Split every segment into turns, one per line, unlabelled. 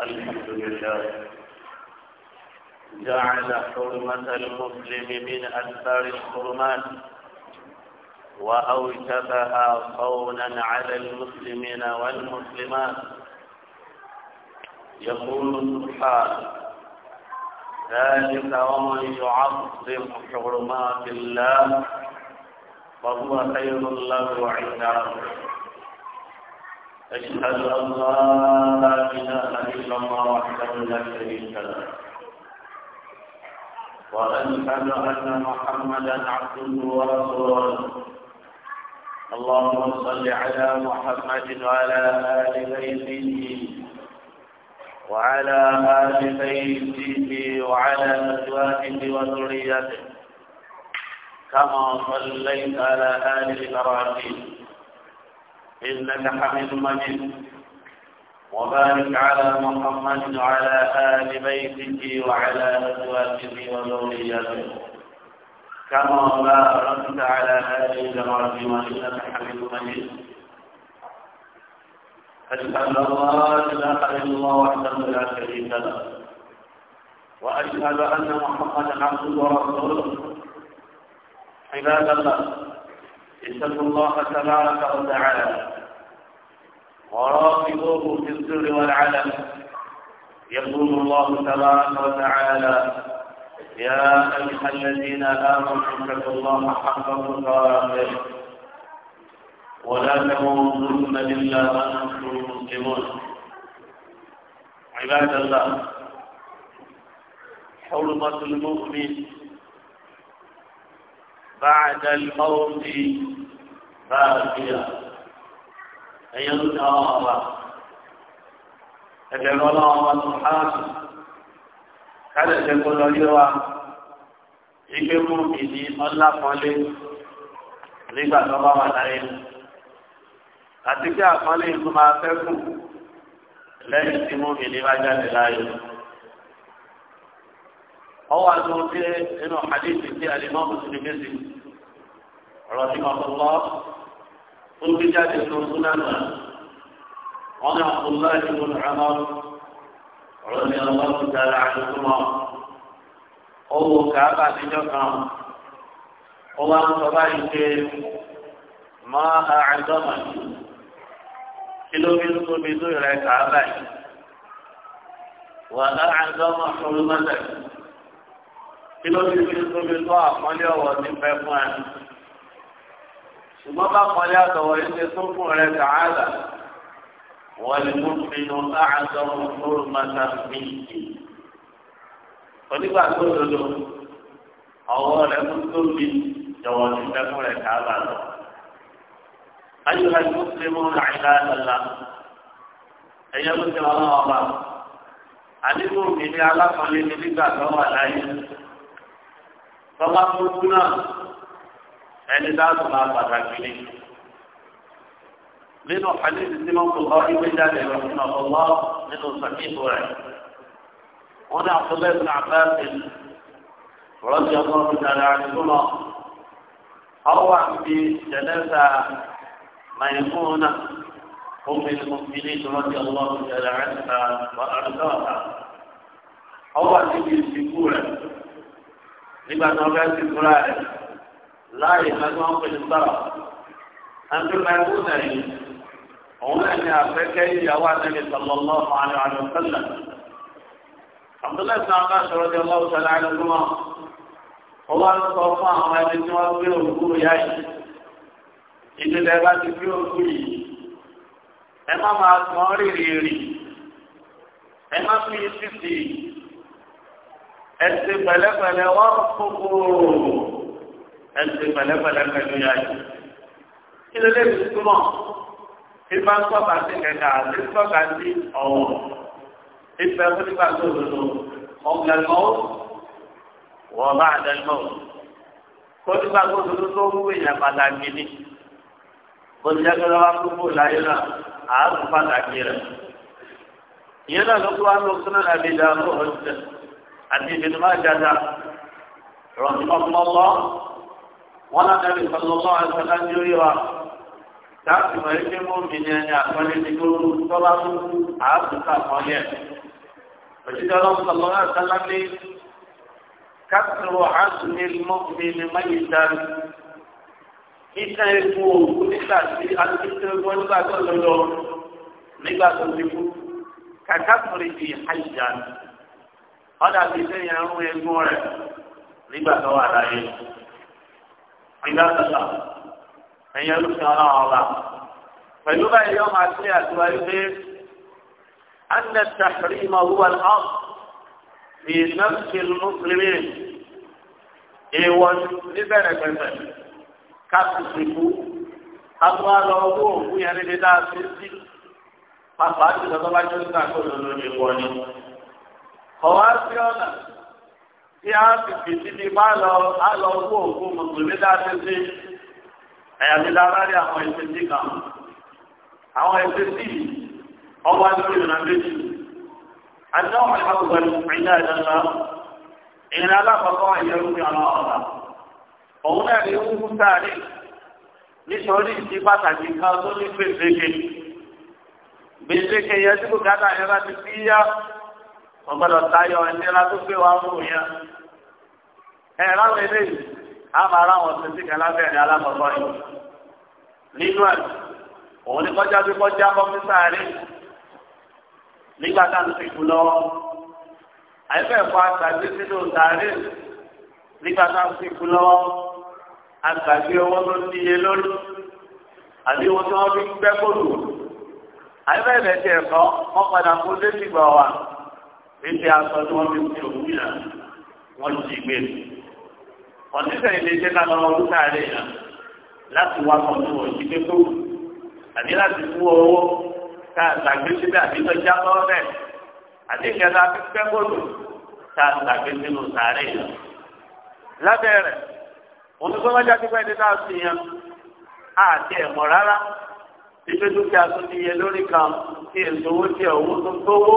الحمد لله جعل حرمة المسلم من أكثر الحرمات وأوجبها قونا على المسلمين والمسلمات يقول سبحانه ذلك ومن يعظم حرمات الله فهو خير له عند ربه أشهد أن لا إله إلا الله وحده لا شريك له وأشهد أن محمدا عبده ورسوله اللهم صل على محمد وعلى آل بيته وعلى آل بيته وعلى أزواجه وذريته كما صليت على آل إبراهيم إنك حميد مجيد وبارك على محمد وعلى آل بيته وعلى أزواجه وذريته كما باركت على آل إبراهيم إنك حميد مجيد أشهد أن لا إله إلا الله وحده لا شريك له وأشهد أن محمدا عبده ورسوله عباد الله اتقوا الله تبارك وتعالى وراقبوه في السر والعلم يقول الله تبارك وتعالى يا أيها الذين آمنوا اتقوا الله حق تقاته ولا تموتن إلا وأنتم مسلمون عباد الله حرمة المؤمن بعد الموت باقية ẹ̀yẹ ló ní àwọn ọba ẹ̀bẹ̀rún ọlọ́run ọba tó hánù kálẹ̀ lọ wa mú ìdí ọlá pọ́nlé nígbà tó bá wà láyé àti kí àpọ́nlé tó máa fẹ́ kù lẹ́yìn tí mú ìdí láyé. ọwọ́ àti wọn inú àdéhùn sí ọ̀rọ̀ tí lọ́ọ́. والرجال ابن سنن أنا عبد الله بن عمر رضي الله تعالى عنهما أو كعبة جكام أو أن تبايك ما أعظمك كيلو من صبيتو إلى كعبة وأعظم حرمتك كيلو من صبيتو أخمالي وأتفاق ṣùgbọ́n bá a yàtọ̀ wọ̀ ilé sókùn rẹ̀ tààlà wọ́n lè mú pinnu láàzọ́ fún mọ́tà méjì. onígbà tó dodo so rẹ̀ mú tóbi jọ̀wọ́ ní fẹ́kùn rẹ̀ tààlà lọ. ayọ̀lá ìlú ti mú àìlá lọ́la ẹni dáàbò máa pàtàkì ni. nínú àdéhùn tí wọ́n kò kọ́ ìwé jáde rẹ̀ fún ọ̀pọ̀lọ́ nínú sàkíyèsí rẹ̀. wọ́n ní àtúbẹ̀ ní àbáṣe rọ́bì ọkọ̀ ìdàrà àdúgbò ọwọ́ àti jẹ̀lẹ́sà màìmúnà أم المؤمنين رضي الله تعالى عنها وأرضاها أول شيء يقول لما نرى في láàyè lọ́dún wọn pè ní sára àti mẹ́kú nẹ̀yìn òun náà ní àfẹ́kẹ́ ìyàwó àtẹ̀lẹ́ sọlọ́lọ́ àlọ́ àlọ́ sẹ́lẹ̀ àbúlẹ̀ sàn ká sọ̀rọ̀ di ọlọ́wọ́ sẹ́lẹ̀ àlọ́gbọ́n ó wá ló sọ fún àwọn ẹni tí wọ́n gbé òkú ìyá yìí ìdílé bá ti gbé òkú yìí ẹ má máa tán rìnrìnrì ẹ má fi títì ẹ ti pẹ̀lẹ́pẹ̀lẹ́ wọ́n kókó ẹsẹ̀ pẹ̀lẹ́pẹ̀lẹ́ pẹ̀lú ya yìí. kí ló dé fi túmọ̀ ìfẹ́ sọ́kà sí kẹ̀kẹ́ àti sọ́kà sí ọ̀wọ̀ ìfẹ́ fúnipà tó lòlò ọ̀gbẹ̀mọ́ wọ́n bá àdẹ́mọ́ fúnipà tó lòlò tó ń wé yẹn pàtàkì ni olùdókòwò wa kúkú láyé náà àárò pàtàkì rẹ̀ ìyẹn náà ló kó wa lọ sínú àbíjà ọ̀hún àti ìbínú má jáda rọ̀mọ́mọ́lọ́. wọn látàrí ìfọlọ́lọ́ àìsàn láti wa dáàbò ìmọ̀ ẹgbẹ́ mọ́mìnì ẹni àpọ́nlé ní gbogbo tọ́lá tó àásùkà mọ́lẹ̀. òṣìṣẹ́ ọlọ́run sọ̀rọ̀ àìsàn láti kásìrò àásùnmí mọ́mìnì mẹ́yìn dárí. iṣẹ́ epo òkú nígbà tí nígbà tó nígbà tó ti kú. àìjà ọ̀dà rẹ̀ nígbà tó wà láyé. ìdásọ́lá ẹ̀yẹ lóṣù ọlọ́run ọba pẹ̀lú báyìí yóò máa ṣe àtiwáyé pé anna tahrim huwa al-ard fi nafsi al-muslimin ìwọ̀n níbẹ̀rẹ̀ pẹ̀pẹ̀ káàkiri kú káàkiri àlọ́ owó òkú yẹn níbi dáa sí sí pàpà àti ìdọ́tọ́ jẹ́ nígbà tó tí a sì fi bá lọ á lọ wú mùsùlùmí dáadé sí ẹ̀yàmílá rárí àwọn ìṣesí kan àwọn ìṣesí ọwọ́ àdúgbò ìrìnà méjì àjọ àgbàgbà ìpínlẹ̀ ìdáná ìrìn alákọ̀ọ́kọ́ ní ọ̀nà ọ̀la òun náà ní sáré nítorí ìdí pàtàkì kan tó ní gbèsèké gbèsèké yẹn tí kò gádà yẹn bá ti fi yá ọgbọ́dọ̀ tayọ ẹnìyàrá tó gbé wa mú yẹn ẹ ráwọn eléyìí a máa ráwọn títí kan lábẹ́rẹ́ alákọ̀ọ́kọ́ yìí nínú ẹ̀ òun ni kọjá bí kọjá kọ́mísà rí nígbà tá à ń sìnkú lọ́wọ́ àìfẹ́ ẹ̀kọ́ àgbàgbé sínú sàárè nígbà tá à ń sìnkú lọ́wọ́ àgbàgbé owó tó níye lórí àbí owó tí wọ́n fi gbẹ́ kóòlù àìfẹ́ ẹ̀kọ́ wọn padà kó lé ìgbà wa ìṣe aṣọ tí wọ́n fi fi òkú yà wọ́n ti gbé mi. E. ọ̀sísẹ́ ilé iṣẹ́ náà lọ́wọ́ ọdún káàárẹ̀ yà láti wá kan tó wọ̀nyí pé kó àbí láti fún owó káàtàgbé síbẹ̀ àbí tó já lọ́wọ́ bẹ́ẹ̀ àti ìkẹta pípẹ́ gbòdò káàtàgbé sínú sàárẹ̀ yà. lábẹ́ rẹ̀ olùgbọ́nmájá pípẹ́ ní náà sì yan àti ẹ̀mọ́ rárá ìgbésókè àtúndìyẹ lórí kan tí èso owó tí ọ̀wọ́ tó gbówó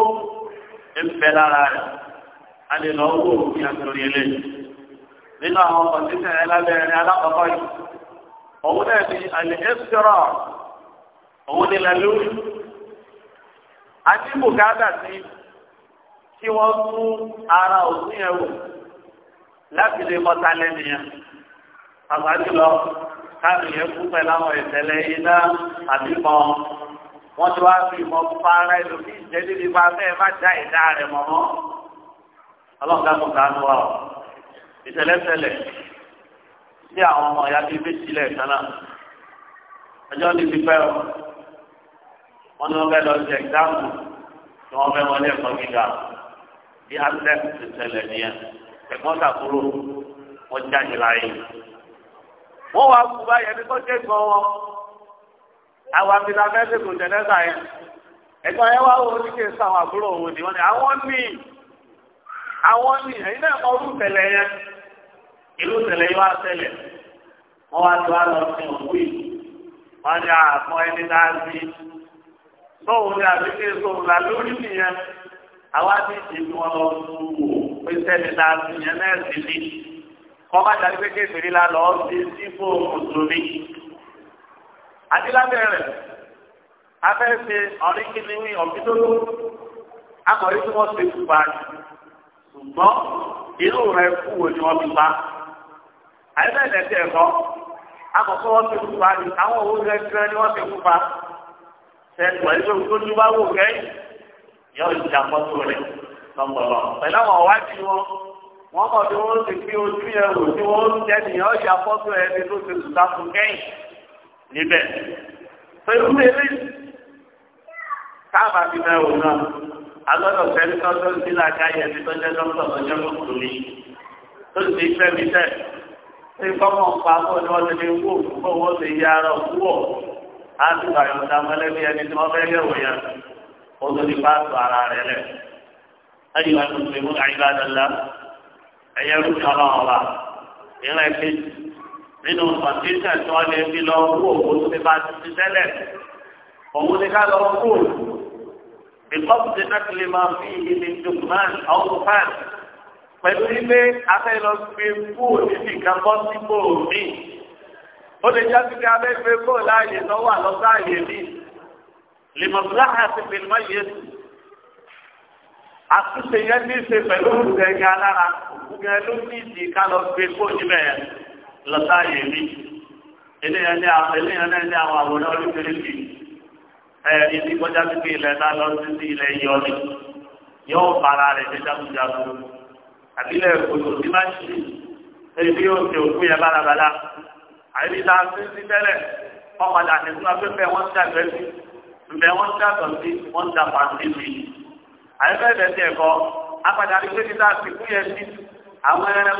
ń bẹ lára rẹ̀ a lè lọ wò ní àtúnyẹ lé nínú àwọn ọkọ̀ títẹ̀ ẹ lábẹ́rẹ́ alákọ̀ọ́kọ́ yìí òun náà ni àlè ẹ́sìtọ́rọ̀ òun ni lẹ́lúrí a ní bùkátà sí kí wọ́n tú ara òsín yẹn wò láti lè mọ́ta lẹ́nu yẹn àgbájúlọ káàdì yẹn kú pẹ̀lú àwọn ìṣẹ̀lẹ̀ iná àbíkọ́ wọ́n ti wá fi ìmọ̀ pupa ara ẹ̀ lómi ìjẹ́lé ní ipa fẹ́ẹ́ má já ìdá rẹ̀ mọ́ mọ́. ọlọ́ọ̀gá kò ká ló wà ó ìṣẹ̀lẹ̀ṣẹlẹ̀ sí àwọn ọmọ ìyá bíi méjì lẹ́ẹ̀kan náà ọjọ́ ní ti pẹ́ ọ wọ́n ní wọ́n fẹ́ lọ sí ẹ̀gbáàmù tí wọ́n fẹ́ wọlé ẹ̀kọ́ gíga bí access ti ṣẹlẹ̀ nìyẹn ẹ̀gbọ́n tàkúrò wọ́n jáde láàyè. wọ́n wá kú báyẹn àwọn abidà fẹ́ sèkùn jẹ̀nẹ́sà yẹn ẹ̀gbọ́n yẹn wá wo oníkè sá àwọn àbúrò òun ni wọ́n ní àwọn ní àwọn ní ẹ̀yin náà mọ irú tẹ̀lẹ̀ yẹn irú tẹ̀lẹ̀ yẹn wá tẹ̀lẹ̀ wọ́n wá tó àlọ́ sí òkú yìí wọ́n ní àpọ̀ ẹni náà sí sóhun ní àbíké sóhun là lórí nìyẹn àwa ti ṣe kí wọ́n lọ sùn wò pé tẹ́lẹ̀ náà sí yẹn náà sì ní kọ́ bá jáde pé kékeré la lọ́ọ́ sí sípò mùsùlùmí adilábẹ́rẹ̀ afẹ́fẹ́ ọ̀ríkìnìwí ọ̀bídóló akọ̀rí tí wọ́n ti fún báyìí ṣùgbọ́n inú rẹ̀ kú wo ni wọ́n ti bá àyẹ̀bẹ̀ lẹ́sẹ̀ ẹ̀kọ́ akọ̀kọ́ wọ́n ti fún báyìí àwọn owó rẹ̀ gan ni wọ́n ti fún bá sẹ́nu ẹ̀ṣọ́ tó ní wá wò kẹ́yìn yọ ìjàmọ́tò rẹ̀ lọ́mọ̀lọ́ pẹ̀lú àwọn ọ̀wádìí wọn wọ́n mọ̀ bí wọ́n ti fi ojú yẹn wò tí wọ́n ń tẹ́ níbẹ̀ pẹ̀lú ilé káàbà ti fẹ́ wò náà agbọ́dọ̀ fẹ́ẹ́ tọ́jọ́ sí làkàyè ẹni tó jẹ́ dókítà lọ́jọ́ mùsùlùmí tó ti fẹ́ mi tẹ̀ ṣé kọ́mọ̀ pa kó ni wọ́n ti fi wó kó wọ́n ti yí ara òkú wọ̀ á ti bàyọ̀ ta mọ́lẹ́bí ẹni tí wọ́n fẹ́ yẹ̀ wò yẹn ó tó ti bá tó ara rẹ̀ lẹ̀ ẹni wàá tó ti mú àyíká dàda ẹ̀yẹ rúkà náà wà ìrìn àìpéjì nínú pàtíṣà tí wọ́n lè fi lọ kú òkú tó fi bá ti ti tẹ́lẹ̀ òun ni ká lọ kú ìkọ́pùtì nákìlì máa fi ìdí dùgbọ́n àwọn fáàn pẹ̀lú ilé afẹ́ lọ gbé kú níbi kan bọ́ sí bòómì ó lè já sí pé abẹ́ gbé kó láàyè lọ́wọ́ àlọ́sọ́ àyè mi lèmọ̀tòlá àti pèlémọ́ yẹn àtúnṣe yẹn ní í ṣe pẹ̀lú òkú alára òkú ló ní ìdí ká lọ gbé kó níbẹ̀ yẹn lọ sáàyè mi eléyàn náà ní àwọn àwòrán oríṣiríṣi ẹ ibi kọjá pípé ilẹ̀ náà lọ sí sí ilẹ̀ yọ ni yóò fara rẹ̀ ṣe jagunjagun àbílẹ̀ òjò tí máa ń ṣe ebi yóò ṣe òkú yẹn bálabàlá àyèbí ta sí sí tẹ́lẹ̀ wọ́n padà ní fún afẹ́fẹ́ wọ́n ti àgbẹ̀ sí ǹbẹ̀ wọ́n ti àtọ̀ sí wọ́n ti àpàtì sí àyẹ̀fẹ́ ìbẹ̀sẹ̀ ẹ̀kọ́ apàdánù pé níta àsìkú yẹn sí àwọn ẹran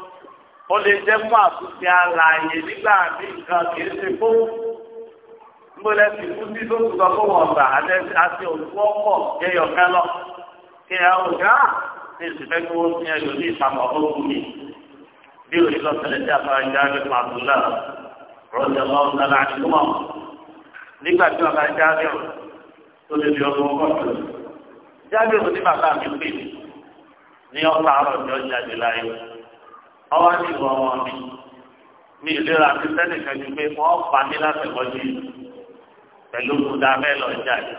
ó lè jẹ́ fún àtúnṣe àlàyé nígbà tí nǹkan kìí ṣe kó gbọ́dọ̀ ti kú sí tó tún sọ fún wọn gbà àti olùkọ́ pọ̀ jẹyọ̀ kan lọ kí ẹ ò gá ní ìsìnkú kí wọ́n fi ẹyọ ní ìpamọ́ ọkùnrin mi bí òní lọ ṣẹlẹ̀ tí a fara já ní pàtúlà rọ́jà lọ́wọ́ sára àdúgbò nígbà tí wọn bá já ní ọ̀ tó lè di ọdún ọgọ́tù jáde òní bàbá mi pè ní ọ̀pá àrọ̀ ní ọjà ìlà ọwọ́ ni ìwọ ọmọ mi mi ìlera ti sẹ́nìkan ju pé wọ́n pa mí látẹ̀kọ́jú yìí pẹ̀lú kúndà bẹ́ẹ̀ lọ jà yìí.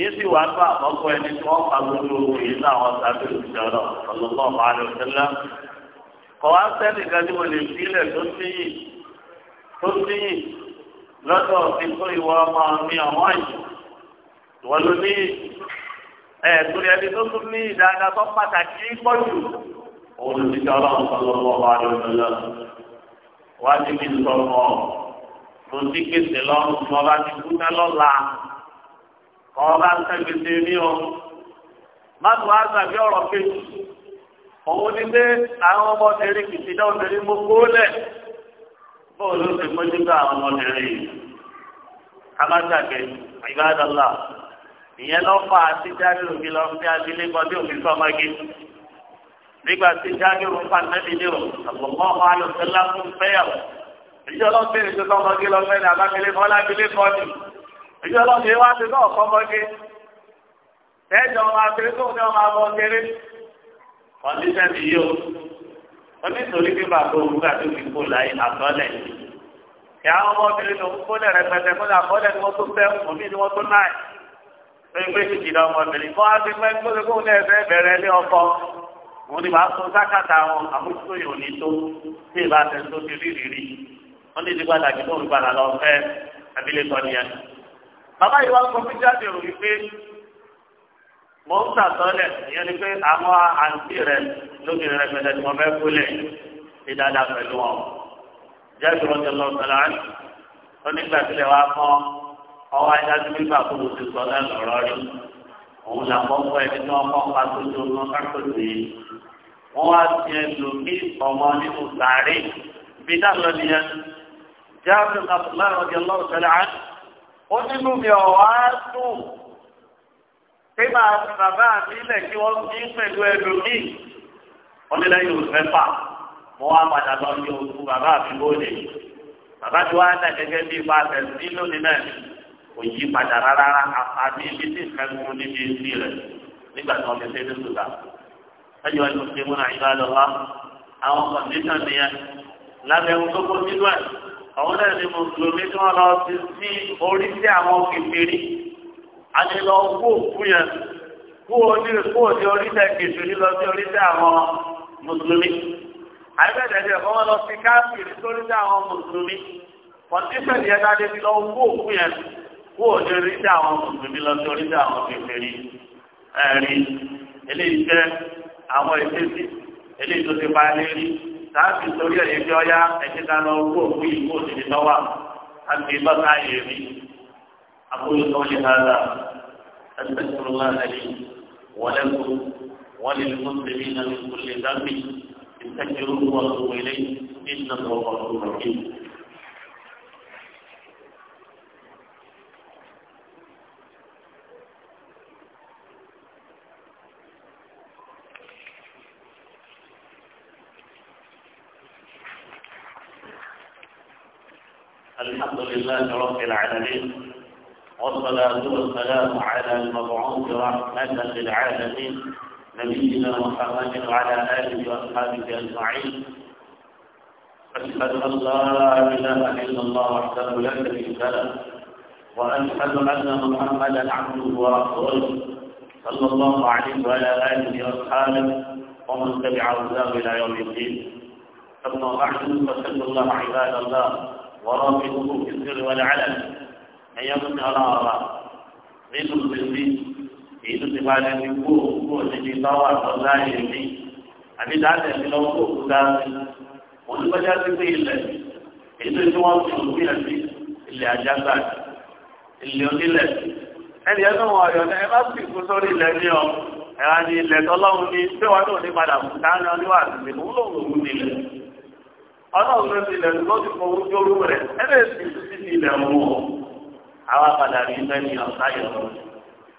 èyí sì wá tó àkọ́kọ́ ẹni tí wọ́n pa gbogbo owó yìí láwọn sábẹ́ òṣìṣẹ́ ọ̀rọ̀ ọ̀lọ́gbọ́n ọ̀pá rẹ̀ òṣèlá. kọ̀ wá sẹ́nìkan tí mo lè fi tó sí tó sí yìí ti kó ìwọ ọmọ mi ọ̀wọ́n yìí. ìwọ ló ní ẹ̀ tó tún ní ìdáadáa olùdíje ọlọ́run sọ̀rọ̀ ọ̀rọ̀ àdìọ́sọ̀lọ́ wá sí mi sọ̀rọ̀ mo ti kéde lọ́rùn tí ọba ti kú ná lọ́la ọba ń tẹ́gbèsè mí o má tó wá sàbí ọ̀rọ̀ kejì òun ni pé àwọn ọmọbìnrin kìkì náà obìnrin mo kó lẹ̀ bó ló ti mójú bá àwọn ọmọbìnrin yìí alájàgbé ìbádọ́là ìyẹn lọ́fà àti jáde òbí lọ sí abilékọ tí òbí sọ́mọ́gé nígbà tí jágẹrù ń pa nẹ́bí nírò àpòmọ́ àlọ́ sẹ́lá fún fẹ́yàwó ìjọ lọ sí ìjọ tọmọgé lọ fẹ́ ní abákẹ́lẹ́ kọ́ lábílẹ̀ kọ́ ni ìjọ lọ sí wá sí náà kọ́mọgé ẹjọ máa fi tó ní ọmọ abọ́ kéré kọ́ndíṣẹ́ ti yí o ó ní torí pé bàbá òun gbà tó fi kó láyé àtọ́lẹ̀ kí àwọn ọmọbìnrin tó kó lẹ̀ rẹpẹtẹ kó lẹ̀ ni wọ́n tó fẹ́ òmí ni wọ́n tó náà pé pé kìkì wọn ni wàá sọ sákàtà wọn àmójútó yìí ò ní tó tí ì bá tẹ tó ti rí rírì wọn ní ìdígbà dàgbé tó ń padà lọ fẹ abilékọ nìyẹn. bàbá yìí wá ń kọfí jáde rò wípé mo ń sàtọ́lẹ̀ ìyẹn ni pé àwọn àǹtí rẹ lóbìnrin rẹ pẹ̀lẹ́ tí wọ́n fẹ́ kúlẹ̀ ti dáadáa pẹ̀lú wọn. jáde rọ́jò lọ sọ̀rọ̀ àná ó nígbà tílẹ̀ wá kọ́ ọwọ́ ajáde nígbà tó mo ti sọ lẹ́nu ọ̀rọ̀ rí òun làkọ́kọ́ ẹni tí wọ́n kọ́ pa tó tó wọn ká tó sí i wọ́n wá ti ẹ lò ní ọmọ nínú sàárè bí náà lọ nìyẹn jáàmù abdullahi rọ̀jẹ̀ lọ́wọ́ sẹ́lẹ̀ á ó nínú mi ọ̀wá dùn pé máa fi bàbá mi lẹ̀ kí wọ́n fi pẹ̀lú ẹlòmíì wọ́n ní lẹ́yìn oṣù mẹ́fà mo wá padà lọ sí oṣù bàbá mi bóde bàbá tí wàá dà gẹ́gẹ́ bí ipa tẹ̀sí lónìí náà kò yí padà rárá àfààní ibi tí ìfẹ́ fún níbi ìsí rẹ̀ nígbà tí wọ́n ti ṣe é ẹjọ́ ẹni tó ṣe múra ìlú àlọ́wà àwọn kọ̀ǹdíṣàn nìyẹn lábẹ́ ohun tó kó nínú ẹ̀ àwọn náà ni mùsùlùmí tí wọ́n lọ sí sí orí sí àwọn kìfìrí àti lọ kó òkú yẹn kó òní kó òní oríṣẹ́ kìfìrí lọ sí oríṣẹ́ àwọn mùsùlùmí àìbẹ̀dẹ̀dẹ̀ kọ́ wọ́n lọ sí káfíìrì sóríṣẹ́ àwọn mùsùlùmí kọ̀ǹdíṣàn nìyẹn láti fi lọ kó òkú yẹn kó òní oríṣẹ́ àwọn mùsùlùmí lọ sí oríṣẹ́ àwọn kìfìrí ẹ̀rí eléyìí àwọn ìṣesí eléyìí tó ti parí rí sáàbì torí ẹ̀yìn fi ọyá ẹ̀jẹ̀ ká lọ kó òkú yìí kó òsì nìkan wà àti bàtà yìí rí àkóyè tó lè ha la ẹgbẹ́ kúrò láàrin wọlé kú wọlé kú sèmi náà kú lè dábì ìtẹ́jú wọn kú wọlé ní ìtàn wọn kú لله رب العالمين والصلاة والسلام على المبعوث رحمة للعالمين نبينا محمد وعلى آله وأصحابه أجمعين أشهد أن لا إله إلا الله وحده لا شريك له وأشهد أن محمدا عبده ورسوله صلى الله عليه وعلى آله وأصحابه ومن تبعه إلى يوم الدين أما بعد فاتقوا الله عباد الله ورافقه في السر والعلن أن يكون أرارا nínú pèsè èyí tó ti bá lè fi kó òkú òṣèlú lọ́wọ́ àtọ́lá èmi àbí dáàbẹ̀ mi lọ́wọ́ kó òkú dáàbẹ̀ wọ́n ti kọjá sí pé ilẹ̀ èyí tó ti wọ́n fi òkú yẹn sí ilẹ̀ àjàgbà ilẹ̀ onílẹ̀ ẹni ẹ̀ náà wọ̀nyọ̀ ẹ bá sì kú sórí ilẹ̀ ní ọ ẹ̀rọ ni ilẹ̀ tọ́lọ́run ní pé wọn náà ní padà kú dáná níwájú mi òun lòun òun nílẹ̀ ọlọ́run ló ti ilẹ̀ tó lọ́ọ́ ti fọwọ́ jórú rẹ̀ ẹ̀rẹ́ sì ti ti ilẹ̀ mú ọ. àwa padà rí lẹ́ni ọ̀sá yọ̀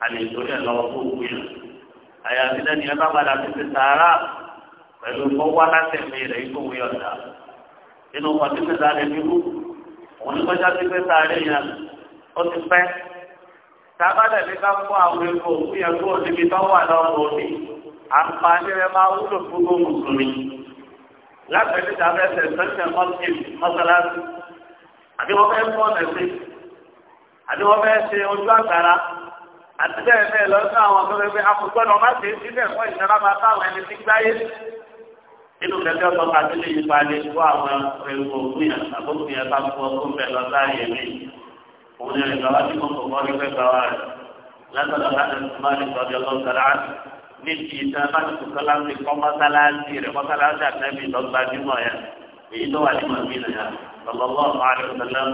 àlè ìtòrí ẹ̀ lọ́wọ́ tó wù yàn. àyàfi lẹ́ni ẹ bá padà ti ti sàárà pẹ̀lú fọwọ́ alátẹ̀mí rẹ̀ ikú wí ọ̀dà. inú wọn ti ti sàárẹ̀ mi kú òun ní kọjá ti ti sàárẹ̀ yẹn ó ti pẹ́. tábàdà ní ká fún àwọn epo òkú yẹn kúrò níbi lápẹ̀lú ta fẹ́ fẹ́ sẹ́sẹ̀ mọ́sílì mọ́sálásí àbí wọ́n fẹ́ fọ́ ọ̀nẹ́sẹ̀ àbí wọ́n fẹ́ ṣe ojú àgbàrá àti bẹ́ẹ̀ bẹ́ẹ̀ lọ́sọ̀ àwọn tó fẹ́ fẹ́ akọ̀gbọ́dọ̀ má ṣe sí bẹ́ẹ̀ fọ́ ìṣẹ́ra máa táwọn ẹni tí gbáyé nínú kẹ̀kẹ́ ọkọ̀ àti lè yí palẹ̀ fún àwọn ẹ̀rọ ògbìyàn àbókùnyàn bá fún ọkùn bẹ́ẹ̀ lọ sáàyè mi òun ni ẹ̀rọ níbi ìtàn láti sọlá ń kọ́ mọ́sálásí rẹ̀ mọ́sálásí àtẹ́bí lọ́gbàdúmọ̀ yẹn èyí tó wà ní mọ̀mínà yẹn lọ́lọ́lọ́ àárín ọ̀sẹ̀lẹ̀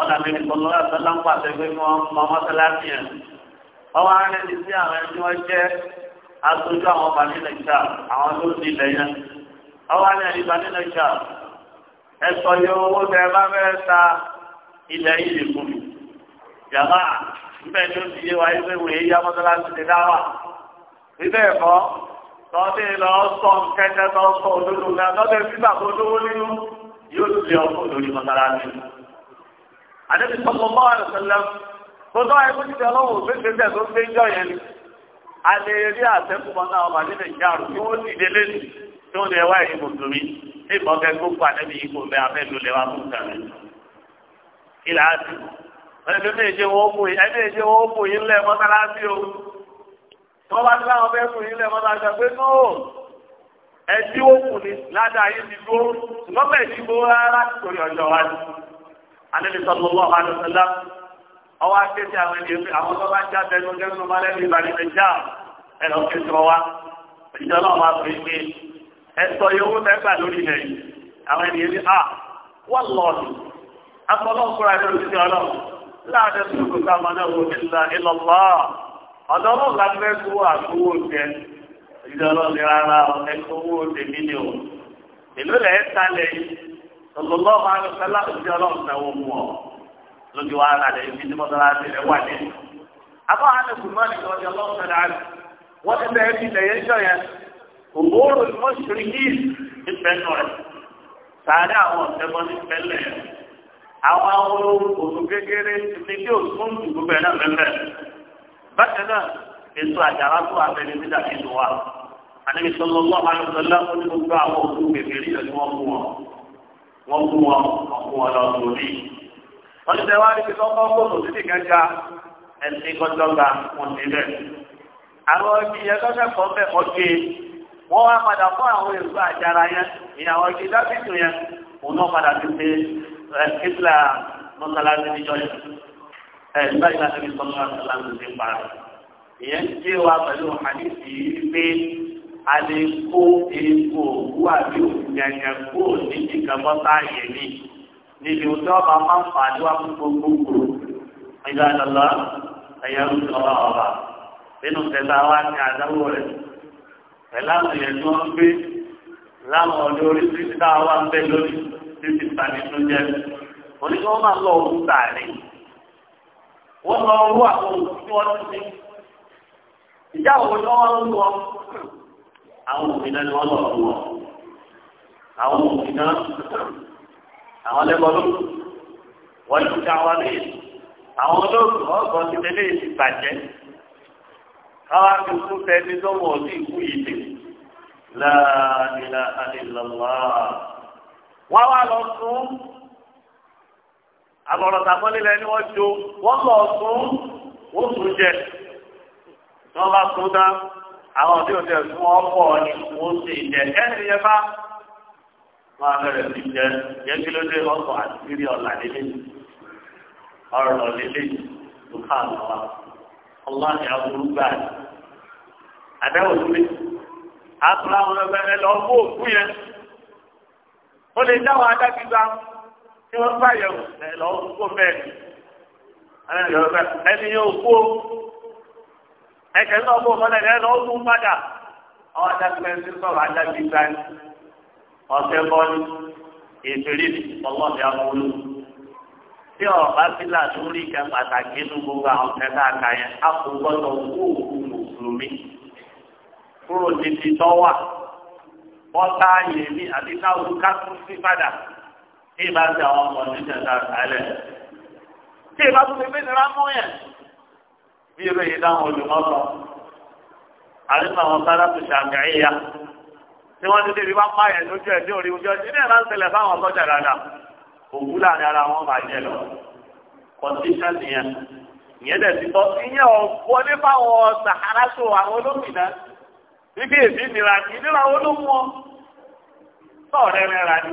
ọ̀nà mẹ́rin kọ́lọ́ àtẹ́lá ń pàṣẹ pé wọ́n mọ mọ́sálásí yẹn. ọwọ́ arẹ ti sí àwọn ẹni tí wọ́n jẹ́ àwọn bànílẹ̀ṣà àwọn tó ti lẹ̀ yẹn. ọwọ́ arẹ ẹni bànílẹ̀ṣà ẹ̀sọ́ yẹ owó tẹ bá fẹ́ ta ilẹ̀ yìí fún mi. jàmbá ń bẹ́ẹ̀ ni ti yé wa ẹgbẹ́ wòye yá mọ́sálásí ti dá wà. ilé ẹ̀kọ́ lọ́dẹ lọ sọ nkẹ́kẹ́ tó sọ olódò náà lọ́dẹ fígbà tó lówó nínú yóò tún ọkọ̀ lórí mọ́sálásí. àdébí sọmọ mọ́ àlùfẹ́lẹ́ tó tọ́ ẹ̀kọ́ ti tẹ lọ́wọ́ gbégbé tó gbé jọ yẹn ni. a lè rí àtẹ́kùnmọ́ náà ọba nílẹ̀ ìjáàrú tí wọ́n sì délé ní tí wọ́n lè wá ìyìn mùsùlùmí ní ìbọ̀kẹ́ gbogbo àdébí ipò bẹ́ẹ̀ afẹ́ ló lè wá fún kàmí. ilà á wọ́n bá ti láwọn fẹ́ fún yín lẹ́ wọ́n bá gbà pé nù ẹtí ó kù ni ládàá yín ti dúró ṣùgbọ́n bẹ́ẹ̀ ti gbó rárá torí ọjọ́ wa ni. alẹ́ni sọ́dún lọ́wọ́ àdùnsẹ́lá ọwọ́ akéde àwọn ènìyàn pé àwọn tó bá já bẹnu gẹ́gẹ́ bá lẹ́nu ìbàdí ti já ẹ̀ lọ́ kí sọ wa ìjọ náà wà pé pé ẹ sọ iye owó tẹ́ lórí ilẹ̀ yìí àwọn ènìyàn ní à wọ́n lọ́ọ̀nù akọ́lọ́ọ̀kúra ẹ̀rọ ti di ọlọ́run láàdẹ́sùn kò ọ̀dọ́ ọlọ́run la fẹ́ kó àgbówó jẹ ìdí ọlọ́run ní rárá ẹ̀kọ́ owó tèmi ni o máa ń fẹ́ láti ìdí mu ọ lójú wa ara rẹ̀ ibi tí mo dára wà ní. ọlọ́run wọ́n ti yẹn àwọn bákan náà èso àjàrà tó abẹni nígbà tí ìlú wa àdébí sọlọ lọ àwọn ìṣọlá ó ní gbogbo àwọn òkú bèbèrè yẹn ni wọn mú wọn wọn mú wọn wọn mú wọn lọ sórí wọn ti tẹwàá níbi tó kọ́ kó lòdì sí kẹta ẹsìn kọjọgba wọn ti bẹ àwọn ibi yẹn lọ́sẹ̀ kọ́ bẹ̀ ọ̀gẹ̀ wọ́n wá padà fún àwọn èso àjàrà yẹn ìyàwó ọ̀gẹ̀ dábìtì yẹn òun náà padà ti pé ẹ̀ ẹ̀ẹ́dì báyìí láti fi sọ́kọ́ àtàlàmù ti pa ìyẹn jẹ́ wa pẹ̀lú àdìsí pé a lè kó epo òwú àbí òkúnyẹnyẹ kó níbi kẹfọ́tà yẹmí níbi òjò ọba máa ń fà ní wà fún gbogbogbò ìgbà àdàlọ́ ẹ̀yẹ ń sọ ọba nínú tẹ̀lé wa ní àdáwò rẹ̀ pẹ̀lú àwọn èèyàn tí wọ́n gbé láwọn ọdún orí títí táwa ń bẹ lórí títí tani tó jẹ́ oníkọ́ máa lọ òun tààrí wọ́n lọ rú àwọn olùsí wọn ti ṣe. ìjà wo ni wọ́n ń lọ? àwọn òbí náà ni wọ́n lọ rú wọn. àwọn òbí náà àwọn lẹ́kọ̀ọ́ ló wọ́n ti ká wọn lé. àwọn olóògùn ọ̀gbọ́n ti lé léyìí ti bàjẹ́. káwá fi kú fẹ́ni tó mọ̀ sí ìkú yìí dé. láàrin àdìlọ́lá. wọ́n wá lọ sún àgọ̀rọ̀ tàbọ́lé lẹ́ni wọ́n jo wọ́n lọ sún wọ́n sún jẹ tí wọ́n bá sún dá àwọn ọdẹ òde ẹ̀sùn wọn pọ̀ ni wọ́n sì jẹ ẹni yẹn bá wọn abẹ́rẹ́ sí jẹ yẹn kí ló dé ọkọ̀ àtìrí ọ̀là lílé ọ̀rọ̀ lílé lùkà lọ́wọ́ ọlọ́ọ̀ni àbúrú gbà àdáwò sílé àtúnláwọn ọlọ́gbẹ́rẹ́ lọ́wọ́ òkú yẹn ó lè dáwọ́ adágbígbá tí wọ́n bá yẹ̀wò ẹ̀ lọ́wọ́ kó bẹ́ẹ̀ ẹ̀ lọ́wọ́ bẹ́ẹ̀ ẹni yóò kó ẹ̀kẹ́ náà kó fọ́lẹ̀ ẹ̀ lọ́wọ́ kó padà ọwọ́ adágbẹ́ ti sọ̀rọ̀ adágbé gbani ọ̀sẹ̀ bọ́ọ̀lù ìfèrí ọlọ́ọ̀dẹ amúlù tí ọ̀bá ti là lórí ìkẹ́ pàtàkì inú gbogbo àwọn kẹta àkàyẹ àkókòtò kú òkú mùsùlùmí kúrò níbi tọ́wà wọ́n táyé ní àbíkáwù kákú sí padà kí ìbá ti àwọn ọmọ níjà náà sálẹ̀. kí ìbá tó fi gbé nira mú yẹn bí irú yìí dáhùn olùmọ́sọ àdínà àwọn sára tó ṣàgbéyìí ya tí wọ́n ti débi bá ń pààyàn lójú ẹ̀ tí ò rí ojú ọjọ́ ní ẹ̀rọ ń ṣẹlẹ̀ fáwọn ọ̀sọ́jà dáadáa òkú láàrin ara wọn máa jẹ lọ kọ́ndíṣán nìyẹn ìyẹn dẹ̀ ti bọ́ ìyẹn wọlé fáwọn sàhárà tó àwọn olómìnira wípé èmi nira ní nira olómùọ tọ́ọ̀rẹ́ rẹ̀ rà ní.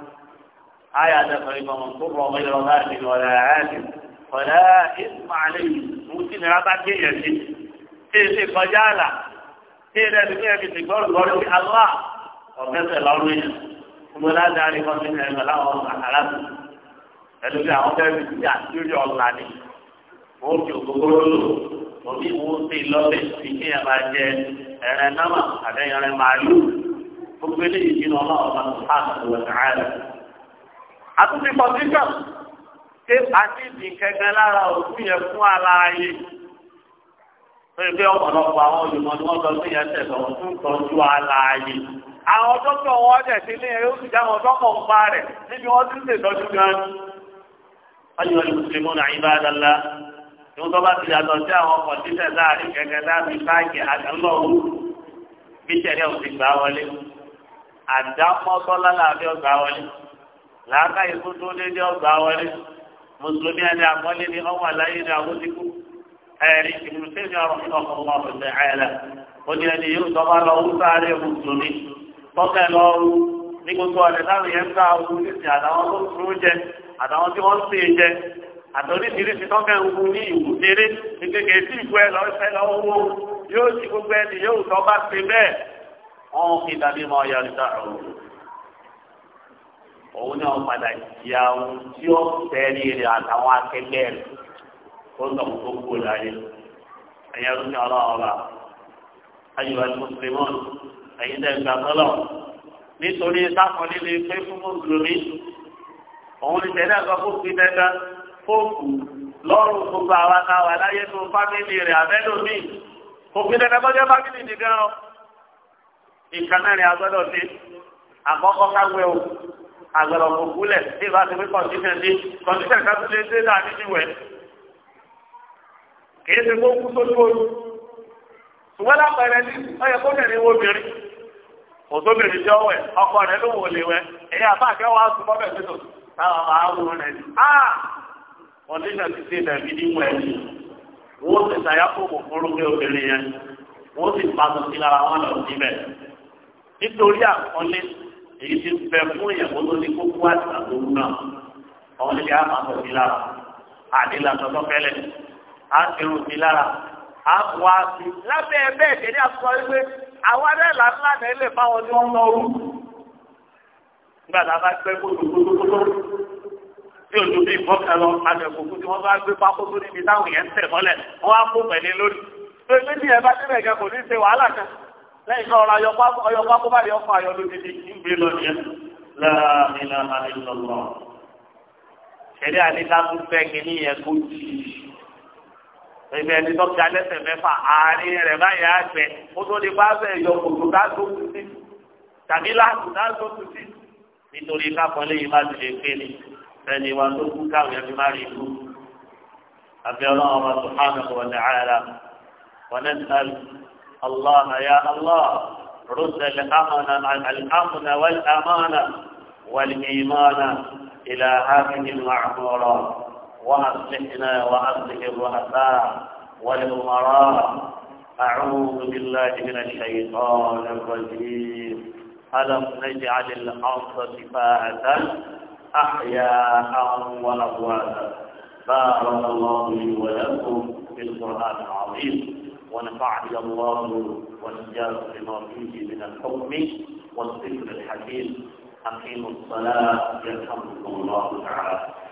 آية فمن كر غير غاد ولا عاد فلا إثم عليه ممكن ربع كيف كيف فجالة كيف كيف تقول قول في الله وكيف الأولين ولا ذلك من الملا والمحرم ẹlòmí àwọn bẹ́ẹ̀ bí ti àtúnyọ ọlá ni wọn kì ògógóró lò wọn bí wọn ti lọlẹ bí kéèyàn bá jẹ ẹrẹ náà àbẹyẹrẹ màálù gbogbo eléyìí nínú ọlọ́run bá tó hàn wọn sàn án àtúntì condition ṣé àti ìdìkẹ̀kẹ́ lára òkú yẹn fún aláàyè lórí pé ọ̀pọ̀lọpọ̀ àwọn olùmọ̀ ni wọ́n sọ sí yẹn tẹ̀sán fún tọ́jú aláàyè àwọn dókítà wọn dẹ̀ sí ní ẹ̀rọ sì dáhùn dókítà ń pa rẹ̀ níbi wọ́n ti ń ṣètọ́jú gan. ọ̀yọ́ ìmùsùlùmí náà ibà dàlá ni wọ́n tọ́ bá ti yàtọ̀ sí àwọn kọ̀ǹtíṣẹ̀ láàrin kẹ̀kẹ́ láti báàgì àtàlọ́wọ́ bí tẹ̀lé òsì gbà wọlé àdámọ́tọ́lá láàbí ọ̀gbà wọlé làákà ikú tó dédé ọgbà wọlé mùsùlùmí ẹni àkọlé ni ọwọ́ àlàyé ni àwọn ti kú ẹ̀rí ìmùsùlùmí ni ọ̀rọ̀ fún ọkọ̀ ọmọ ọ̀fẹ́ ẹ̀rẹ́ ó ní ẹni yóò tọ́ bá lọ wú sáré mùsùlùmí tọ́kẹ́ lọ rú ní gbogbo ọ̀rẹ́ táwọn yẹn ń gbà wú nísì àtàwọn tó tún jẹ àtàwọn tí wọ́n sè jẹ àtòríṣiríṣi tọ́kẹ́ ń ní ìwú kéré ní kékeré tí ìkú ẹ lọ fẹ́ lọ wó yóò sì gbogbo ẹni yóò tọ́ bá ṣe bẹ́ẹ̀ wọ́n fi dàbí mọ́ ọ̀yà òun náà padà jìyà ohun tí ó tẹ̀lé rẹ̀ àtàwọn akẹgbẹ́ rẹ̀ tó ń dọ̀kú tó kú láyé ẹ̀yẹ ló ní ọlọ́run ọba ayọ̀wá mùsùlùmọ́ọ̀nù ẹ̀yin dẹ̀ gbà sọ́lọ̀ nítorí sáfọ́ líle pé fún mùsùlùmí òun ní tẹ̀lé ẹ̀kọ́ fún fi dandan fóòkù lọ́rùn gbogbo àwa táwa láyé tó fámìlì rẹ̀ abẹ́lómi kò fi dandan bọ́jọ́ fámìlì nìkan ìkànnì rẹ̀ agbọ́dọ̀ dé àkọ́kọ́ káwé o. agbẹ̀rọ̀ kò kúlẹ̀ tí ìbá ti fi kọ̀ǹtíṣẹ̀ dé ká tó lè dé náà ìwẹ̀. kì í ti tó lóru. ṣùgbọ́n lápẹ̀rẹ̀ ní ọyẹ kó lè ní obìnrin. òṣòbìnrin jọ wẹ̀ ọkọ rẹ̀ ló wò lè wẹ̀ èyí àbáàkẹ́ wa sùn mọ́bẹ̀ títò táwọn máa wù ti ní wẹ̀ wọ́n ti obìnrin yẹn wọ́n ti pàtó sí lára wọn lọ èyí tí ń bẹ fún ìyàwó tó ní kókó àtà lóru náà àwọn ilé àmà sọ sí lára àdìlà sọ sọfẹlẹ á ti rùn sí lára á wọ àti lábẹ́ bẹ́ẹ̀ tẹ̀lé àtúntò wípé àwọn adẹ́là ńlá náà lè bá wọn tí wọ́n ń lọ rú. nígbà tá a bá gbẹ́ kótó kótó tí o dùn bí bọ́ọ̀kà lọ alẹ́ òkùnkùn tí wọ́n bá gbé pákó tó níbi táwọn yẹn ń tẹ̀ mọ́lẹ̀ wọ́n á kó pẹ̀lẹ́ lórí lẹ́yìn náà ọ̀rọ̀ ayọ̀pá kó bá yọ fún ayọ̀ ló dédé kí n gbé lọ yẹn láàmìlà àlejòlọ́. ṣẹlẹ àdéhà tó fẹ́ kí ní yẹn kó jì í. ìbẹ̀ ni tó ga lẹ́sẹ̀ mẹ́fà àárín rẹ̀ báyìí á gbẹ ó tó lè bá bẹ̀ yọ kòtò ká tó tàbí láàtò ká tó kù sí. nítorí kápọ̀ má ti lè pé ni ẹni wa tó kú káwọn ẹbí má rí ikú. àbí الله يا الله رد الأمن الأمن والأمانة والإيمان إلى هذه المعمورات وأصلحنا وأصلح الرؤساء والأمراء أعوذ بالله من الشيطان الرجيم ألم نجعل الأرض كفاءة أحياء وأبوابا بارك الله لي ولكم في القرآن العظيم ونفعني الله وإياكم بما فيه من الحكم والذكر الحكيم أقيموا الصلاة يرحمكم الله تعالى